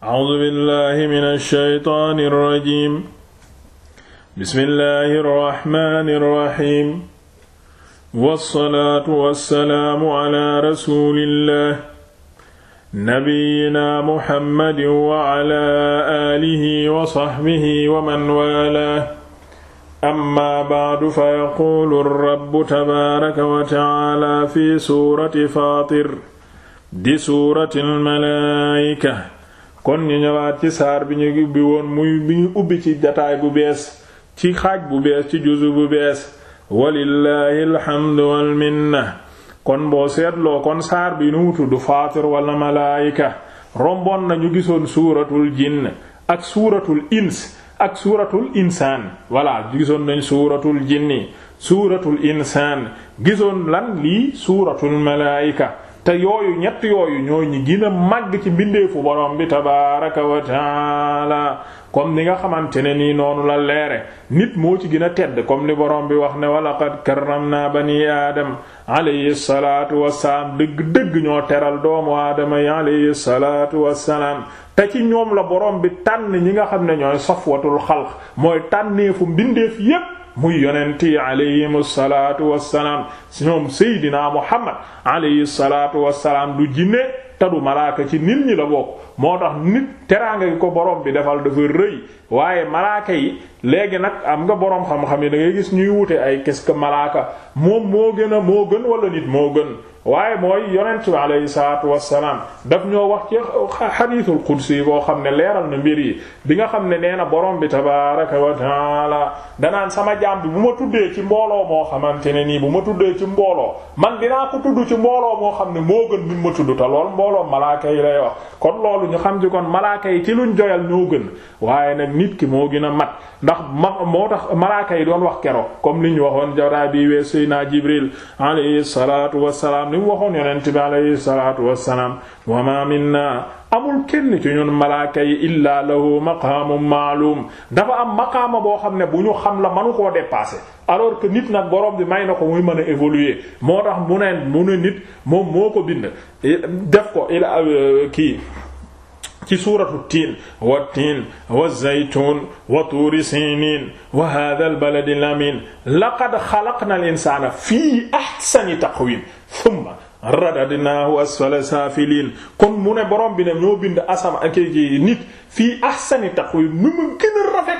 A'uuzu billaahi mina shaytaani rajiim. Bismillaahi rahmaani rahiim. Wassalaatu wassalaamu alaa rasuulillaahi nabiyyinaa Muhammadin wa alaa aalihi wa sahbihi wa man waalaahu. Ammaa ba'du fa yaquulu rabbu tabaaraka wa ta'aalaa fi suurati Faatir di suurati al-malaa'ika. kon ñu ñëwaat ci saar bi ñu ubbi woon muy bi ubbi ci jataay bu bees ci xaaj bu bees ci juzu bu bees walillahi alhamdu wal minna kon boo seetloo kon saar bi nu tudd faatir walla malaayika romboon nañu gisoon suuratul jinn ak suuratul ins ak suuratul insaan voilà gisoon nañ suuratul jinni suuratul insaan gisoon lan lii suuratul malaayika te yooyu ñett yooyu ñooy ñi gën a màgg ci mbindeefu borom bi tabaaraka wa taala comme ni nga xamante ne nii noonu la leere nit moo ci gën a tedd comme ni borom bi wax ne walaqad karramna bani aadam alayhi salaatu wassalaam dëgg-dëgg ñoo teral doomu aadama yi alayhi salaatu wassalaam te ci ñoom la borom bi tànn ñi nga xam ne ñooy safwatul xalq mooy tànneefu mbindeef yépp muy yonent yi alayhim salaatu wassalaam ñoom Seydina Muhammad alayhi salaatu wassalaam lu jinne tadu malaaka ci nit ñi la bokk moo tax nit teraanga gi ko boroom bi defal dafa rëy waaye malaaka yi léegi nag am nga borom xam-xam yi da gis ñuy wute ay qu'est-ce que malaaka moom moo gën a moo gën wala nit moo gën waaye mooy yonent bi alayhi salaatu wassalaam daf ñoo wax ci xadiisul qudsi yi boo xam ne leeral na mbir yi bi nga xam ne nee na borom bi tabaaraka wa taala danaan sama jaam bi bu ma tuddee ci mbooloo moo xamante ne nii bu ma tuddee ci mbooloo man dinaa ko tudd mbooloo moo xam ne moo gën bi ma tudd te lool mbooloom malaaka yi lay wax kon loolu ñu xam ci kon malaaka yi ci luñ joyal ñoo gën waaye nag nit ki moo gën a mat ndax ma moo tax malaaka yi doon wax keroo comme li ñu waxoon jawraa bi wee Seydina Jibril alayhi salaatu wassalaam li mu waxoon yonent bi alayhi salaatu wassalaam wa ma amul kenn ci ñun malaaka yi illaa lahu maqaamun maalum dafa am maqaama boo xam ne bu ñu xam la manu koo dépasser alors que nit nag borom bi may na ko muy mën a évoluer moo tax mu ne mu ne nit moom moo ko bind def ko ila euh, kii ci suuratu tiin wa tiin wa zaytuun wa tuuri siiniin wa haadha al baladi al amiin laqad xalaqna al insaana fii ahsani taqwiim thumma radadnaahu asfala saafiliin kon mu ne borom bi ne ñoo bind asam ak nit fii ahsani taqwiim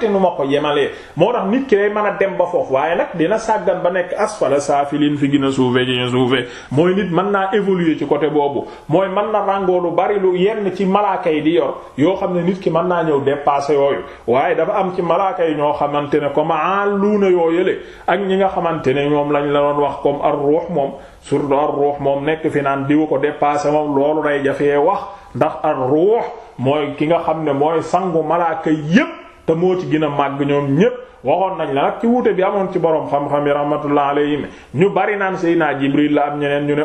te nu ma ko yemalee moo tax nit ki day mën a dem ba foofu waaye nag dina sàggan ba nekk asfala saafilin fi gën a suufe ci ñu suufe mooy nit man naa évoluer ci côté boobu mooy man na ràngoo lu bari lu yenn ci malaaka yi di yor yoo xam ne nit ki man naa ñëw dépasser yooyu waaye dafa am ci malaaka yi ñoo xamante ne comme àlluuna yoo yële ak ñi nga xamante ne ñoom lañ la doon wax comme ar-ruux moom surtout ar-ruux moom nekk fi naan diwu ko dépasser moom loolu day jafee wax ndax ar-ruux mooy ki nga xam ne mooy sangu malaaka yépp te moo ci gën a màgg ñoom ñépp waxoon nañ la nag ci wuute bi amoon ci boroom xam-xam yi rahmatullah alayhim ñu bari naan Seydina Jibril la am ñeneen ñu ne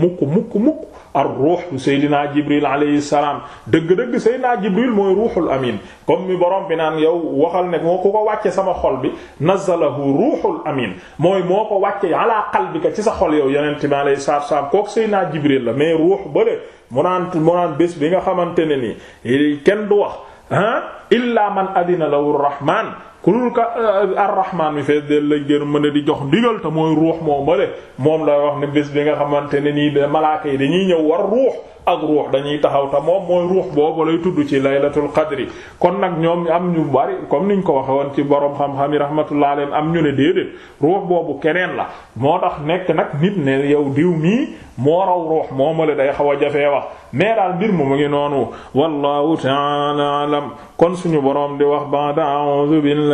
mukk mukk mukk ar ruux Seydina Jibril alayhi salaam dëgg-dëgg Seydina Jibril mooy ruuxul amin comme mi borom bi naan yow waxal ne moo ku ko wàcce sama xol bi nazalahu ruuxul amin mooy moo ko wàcce ala qalbika ci sa xol yow yeneen bi alayhi salaam kooku Seydina Jibril la mais ruux bële mu naan mu bés bi nga xamante ne nii kenn du wax. ah illa man adina lahu rahman ku dul ka euh, arrahmaan mi fees del la ma mën a di jox ndigal te mooy ruux moo bale moom la wax ne bés bi nga xamante ne nii malaaka yi dañuy ñëw war ruux ak ruux dañuy taxaw te moom mooy ruux boobu lay tudd ci laylatul qadri kon nag ñoom am ñu bari comme niñ ko waxe woon ci borom xam-xam yi rahmatullah alayhim am ñu ne déedéet ruux boobu keneen la moo tax nekk nag nit ne yow diw mii moo raw ruux moomale day xaw a jafee wax mais daal mbir mu mu ngi noonu wallahu ta'ala alam kon suñu borom di wax ba'da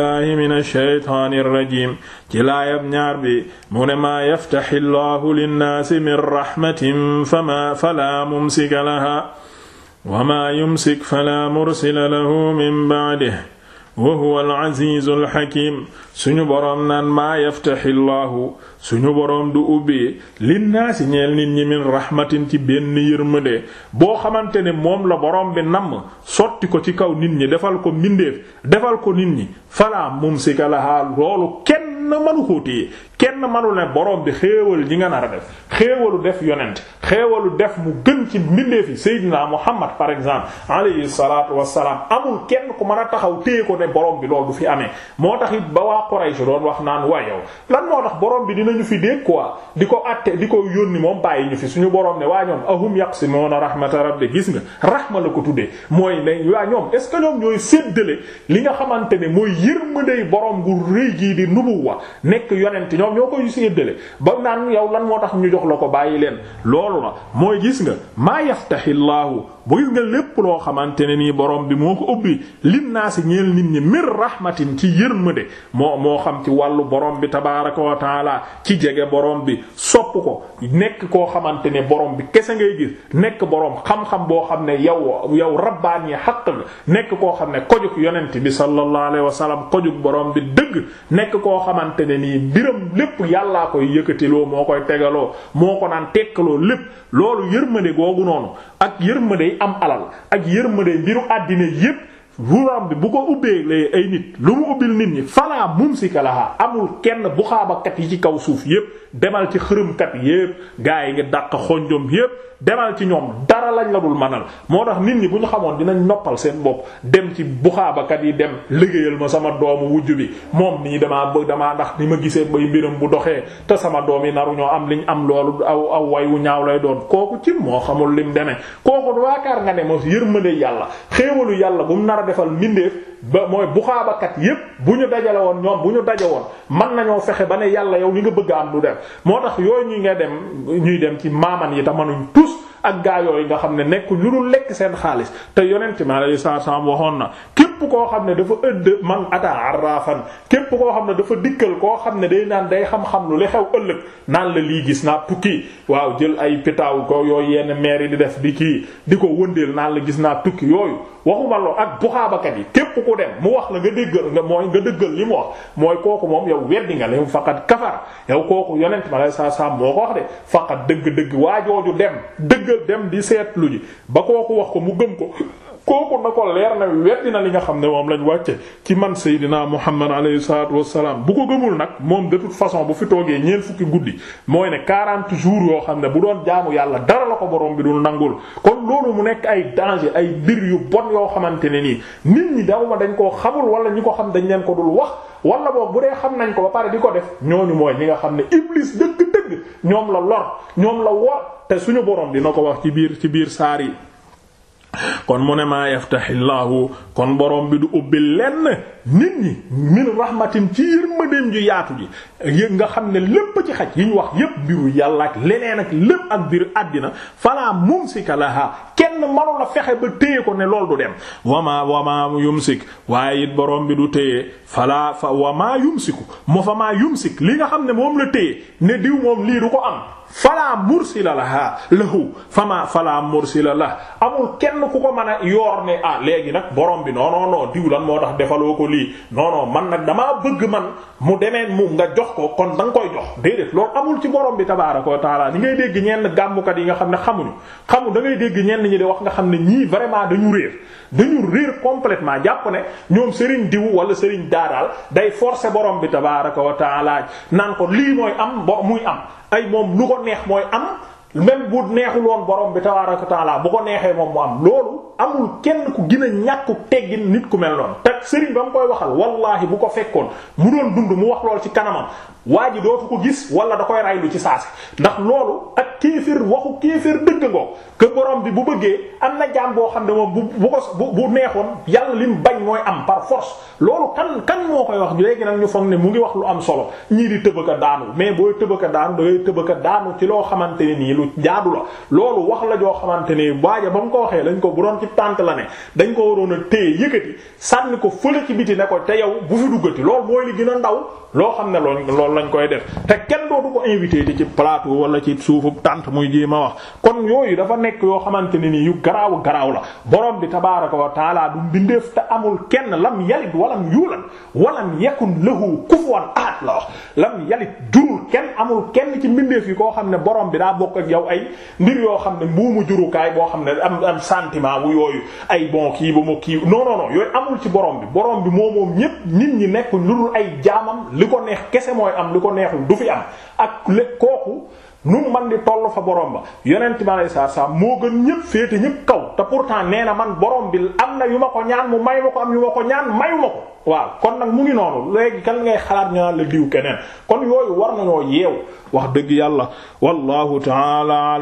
billahi minash shaytaanir rajiim ci laayab ñaar bi mu ne maa yaftahi llahu linnaasi min rahmatin fama fala mumsika laha wa maa yumsik fala mursila lahu min ba'dihi wa huwa al-aziizu al-hakiim suñu boroom naan maa yaftahi llaahu suñu boroom du ubbi linnaasi ñeel nit ñi min rahmatin ci benn yërmande boo xamante ne moom la boroom bi namm sotti ko ci kaw nit ñi defal ko mbindeef defal ko nit ñi falaa si lahaa loolu kenn mënu ko téye kenn manu ne borom bi xéewal ñi nga nar a def xéewalu def yonent xéewalu def mu gën ci mbindeef yi Seydina Muhammad par exemple alayhi salaatu wassalaam amul kenn ku mën a taxaw téye ko ne borom bi loolu du fi amee moo tax it ba waa Quraysh doon wax naan waa yow lan moo tax borom bi dinañu fi dégg quoi di ko àtte di ko yónni moom bàyyi ñu fi su suñu borom ne waa ñoom ahum yaqsimuna rahmata rabbi gis nga rahma la ko tuddee mooy ne waa ñoom est-ce que ñoom ñooy séddale li nga xamante ne mooy yërmandey borom gu rëy gii di wa nekk yonent ñoom ñoo koy séddale ba naan yow lan moo tax ñu jox la ko bàyyi leen loolu la mooy gis nga maa yaftahi llaahu bu gis nga lépp loo xamante ne nii boroom bi moo ko ubbi lim naa si ñeel nit ñi mir rahmatin ci yërmande moo moo xam ci wàllu boroom bi tabaaraka wa taala ci jege boroom bi sopp ko nekk koo xamante ne borom bi kese ngay gis nekk boroom xam-xam boo xam ne yow yow rabbaani xaq nekk koo xam ne kojug yonent bi sallallahu alayhi wa sallam kojug bi dëgg lépp yàllaa koy yëkkatiloo moo koy tegaloo moo ko naan tekkaloo lépp loolu yërmande googu noonu ak yërmande am alal ak yërmande mbiru àddina yépp ruram bi bu ko ubbee ay nit lu mu ubbil nit ñi falaa si laha amul kenn bu xaabakat yi ci kaw suuf yépp demal ci xërëmkat yépp gaa yi nga dàq xonjom yépp demal ci ñoom dara lañ la dul manal moo tax nit ñi bu ñu xamoon dinañ noppal seen bopp dem ci buxaabakat yi dem liggéeyal ma sama doomu wujj bi moom nii damaa bëgg damaa ndax ni ma gisee bay mbiram bu doxee te sama doom yi naru ñoo am liñ am loolu aw aw way wu ñaaw lay doon kooku ci moo xamul lim demee kooku waakaar nga mo yërmande yàlla a defal mbindeef ba mooy buxaabakat yépp bu ñu dajale woon ñoom bu ñu daje woon mën nañoo fexe ba ne yàlla yow li nga bëgg am du def moo tax yooyu ñu nga dem ñuy dem ci maaman yi te mënuñ tus ak gaa yooyu nga xam ne nekk lu dul lekk seen xaalis te yonent mi alayhi salaam waxoon na képp koo xam ne dafa ëdd man ata arrafan képp koo xam ne dafa dikkal koo xam ne day naan day xam-xam lu li xew ëllëg naan la lii gis naa tukki waaw jël ay pitaaw ko yooyu yenn maire yi di def di kii di ko wëndeel naan la gis naa tukki yooyu waxuma loo ak buxaabakat yi képp ku dem mu wax la nga déggal nga mooy nga dëggal mu wax mooy kooku moom yow weddi nga lim faqat kafar yow kooku yonent mi alayhi moo ko wax de faqat dëgg-dëgg waa waajooju dem dëgg digal dem di seetlu ji ba kooku wax ko mu gëm ko kooku na ko leer na weddi na li nga xam ne moom lañ wàcce ci man Seydina Muhammad alayhi salaatu wassalaam bu ko gëmul nag moom de toute façon bu fi toogee ñeent fukki guddi mooy ne 40 jours yoo xam ne bu doon jaamu yàlla dara la ko borom bi dul nangul kon loolu mu nekk ay danger ay mbir yu bon yoo xamante ne nii nit ñi daw ma dañ koo xamul wala ñi ko xam dañ leen ko dul wax wala boog bu dee xam nañ ko ba pare di ko def ñooñu mooy ñi nga xam ne iblis dëgg-dëgg ñoom la lor te suñu borom dina ko wax ci biir ci biir saar yi kon mu ne maa yaftaxillaahu kon borom bi du ubbi lenn nit ñi min rahmatin ci yërmandeem ju yaatu ji yëg nga xam ne lépp ci xaj yi ñu wax yépp mbiru yàlla ak leneen ak lépp ak biir àddina falaa mumsika laha kenn manu la fexe ba téye ko ne lool du dem wama wama yumsik waaye it borom bi du téye falaa fa wama yumsiku moo fa yumsik li nga xam ne moom la téye ne diw moom lii du ko am fala la laha lahu fama fala mursila la la amul kenn ku ko mën a yoor ne ah léegi nag borom bi non non non diw moo tax defaloo ko lii non man nag damaa bëgg man mu demee mu nga jox ko kon da nga koy jox déedéet loolu amul ci borom bi tabaaraka wa taala ni ngay dégg ñenn gàmmukat yi nga xam ne xamuñu xamu da ngay dégg ñenn ñi di wax nga xam ne ñii vraiment dañu réer dañu réer complètement jàpp ne ñoom Serigne diw wala Serigne daadaal day forcer borom bi tabaaraka wa taala naan ko lii mooy am bo muy am ay moom lu ko neex mooy am même bu neexul woon borom bi tabaaraka taala bu ko neexee moom mu am loolu amul kenn ku gina ñàkku teggin nit ku mel noonu nag sëriñ ba mu koy waxal wallahi bu ko fekkoon mu doon dund mu wax lool ci kanamam waa ji dootu ko gis wala da koy raylu ci saasi ndax loolu ak kéefër waxu kéefër dëgg ngoo que borom bi bu bëggee am na jaam boo xam ne moom bu bu ko bu neexoon yàlla lim bañ mooy am par force loolu kan kan moo koy wax léegi nag ñu foog ne mu ngi wax lu am solo ñii di tëbëka daanu mais booy tëbëka daanu da ngay daanu ci loo xamante ne nii lu jaadu la loolu wax la joo xamante ne waaja ba mu ko waxee lañ ko bu ci tànt la dañ ko waroon a téye sànni ko fële ci biti ne ko te yow bu fi duggati loolu mooy li gën a ndaw loo xam ne loolu lañ koy def te kenn dootu ko invité di ci plateau wala ci suufu tànt muy jéem wax kon yooyu dafa nekk yoo xamante ne nii yu garaaw garaaw la boroom bi tabaaraka wa taala du mbindeef te amul kenn lam yalit walam yuulan walam yakun lahu kufuwan ahad la wax lam yalit jurul kenn amul kenn ci mbindeef yi koo xam ne borom bi daa bokk ak yow ay mbir yoo xam ne mbuumu jurukaay boo xam ne am am sentiment bu yooyu ay bon kii bu ma kii non non amul ci borom bi borom bi moo moom ñépp nit ñi nekk lu dul ay jaamam li ko neex kese mooy am li ko neexul du fi am ak lé kooku nu man di toll fa borom ba yonent ma saa saa moo gën ñépp féete ñépp kaw te pourtant nee na man borom bi am na yu ma ko ñaan mu may ma ko am yu ma ko ñaan mayu ma ko waaw kon nag mu ngi noonu léegi kan ngay xalaat ñu naan la diw keneen kon yooyu war nañoo yeew wax dëgg yàlla wallahu ta'ala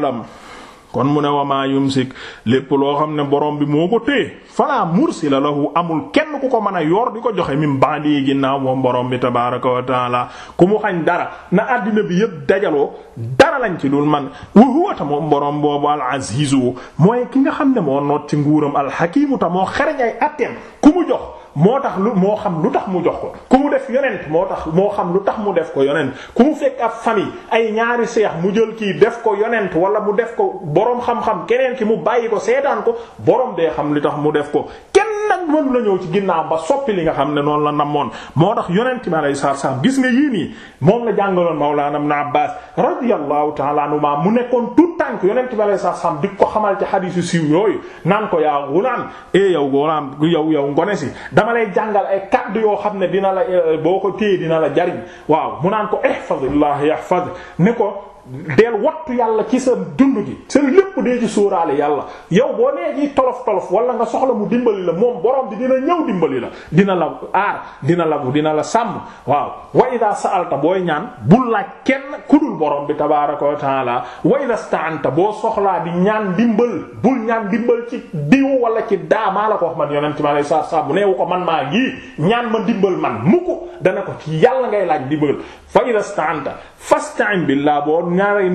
kon mu ne wa maa yumsik lépp loo xam ne borom bi moo ko téye falaa mursila lahu amul kenn ku ko mën a yor di ko joxe min ba'di ginnaaw moom borom bi tabaaraka wa taala ku mu xañ dara na àddina bi yëpp dajaloo dara lañ ci dul man wa huwa ta moom borom boobu al azizu mooy ki nga xam ne moo noot ci nguuram al hakimu ta moo xereñ ay atteem ku mu jox moo tax lu moo xam lu tax mu jox ko ku mu def yonent moo tax moo xam lu tax mu def ko yonent ku mu fekk ab famille ay ñaari seex mu jël kii def ko yonent wala mu def ko boroom xam-xam keneen ki mu bàyyi ko seetaan ko boroom dee xam li tax mu def ko kenn la ñëw ci ginnaaw ba soppi li nga xam ne noonu la namoon moo tax yonent mi alayhi salaatu salaam gis nga yii nii moom la jàngaloon Mawlaana Ibn Abbaas radiyallahu ta'ala ma mu nekkoon tout tànk yonent mi alayhi salaatu salaam di ko xamal ci xadiisu siiw yooyu naan ko yaa gulaam eh yow gulaam yow yow ngone si dama lay jàngal ay kaddu yoo xam ne dina la eh, boo ko téye dina la jariñ waaw mu naan ko ihfazillah yahfaz ne ko del wattu yàlla ci sa dund gi sa lépp dee ci sóoraale yàlla yow boo nee ci tolof tolof wala nga soxla mu dimbali la moom borom bi dina ñëw dimbali la dina la aar dina la dina la sàmm waaw wa ida sa'alta booy ñaan bul laaj kenn ku borom bi tabaaraka wa taala wa ida sta'anta boo soxlaa di ñaan dimbal bul ñaan dimbal ci diw wala ci daa maa la ko wax man yonent ma lay sa sa bu neewu ko man maa gii ñaan ma dimbal man mu ko dana ko ci yàlla ngay laaj dimbal fa ida sta'anta fasta'in billah ñaareel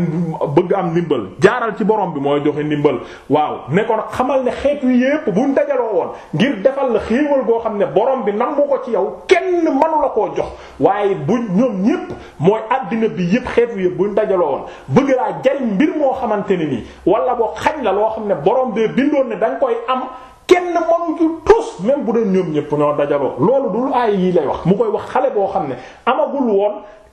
bëgg am ndimbal jaaral ci borom bi mooy joxe ndimbal waaw ne ko xamal ne xeetu wi yépp buñ dajaloo woon ngir defal la xéewal goo xam ne borom bi nangu ko ci yow kenn manu la koo jox waaye bu ñoom ñépp mooy àddina bi yépp xeetu wi yépp buñ dajaloo woon bëgg laa jariñ mbir moo xamante ne nii wala boo xañ la loo xam ne borom bee bindoon ne dañ koy am kenn mënu ci tous même bu dee ñoom ñépp ñoo dajaloo loolu dul aay yi lay wax mu koy wax xale boo xam ne amagul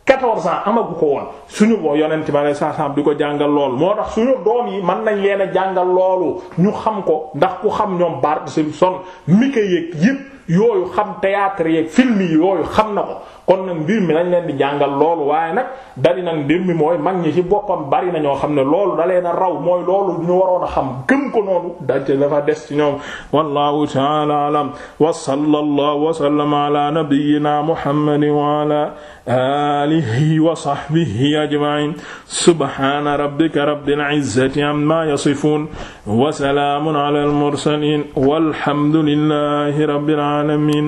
quatorze ans amagu ko woon suñu boo yonent ma ne saasaam di ko jàngal loolu moo tax suñu doom yi mën nañ leen a jàngal loolu ñu xam ko ndax ku xam ñoom Bart Simpson Mickey yëpp yooyu xam théâtre yeeg film yi yooyu xam na ko kon nag mbir mi nañ leen di jàngal loolu waaye nag dali nag mbir mi mooy mag ñi ci boppam bari na ñoo xam ne loolu da leen a raw mooy loolu ñu waroon a xam gëm ko noonu daje dafa des ci ñoom wallahu ta'ala alam wa sallallahu wa sallama ala nabiyyina muhammadin wa ala alihi wa sahbihi ajma'in subhana rabbika rabbil izzati amma yasifun wa salamun ala al mursalin walhamdulillahi rabbil alamin alamin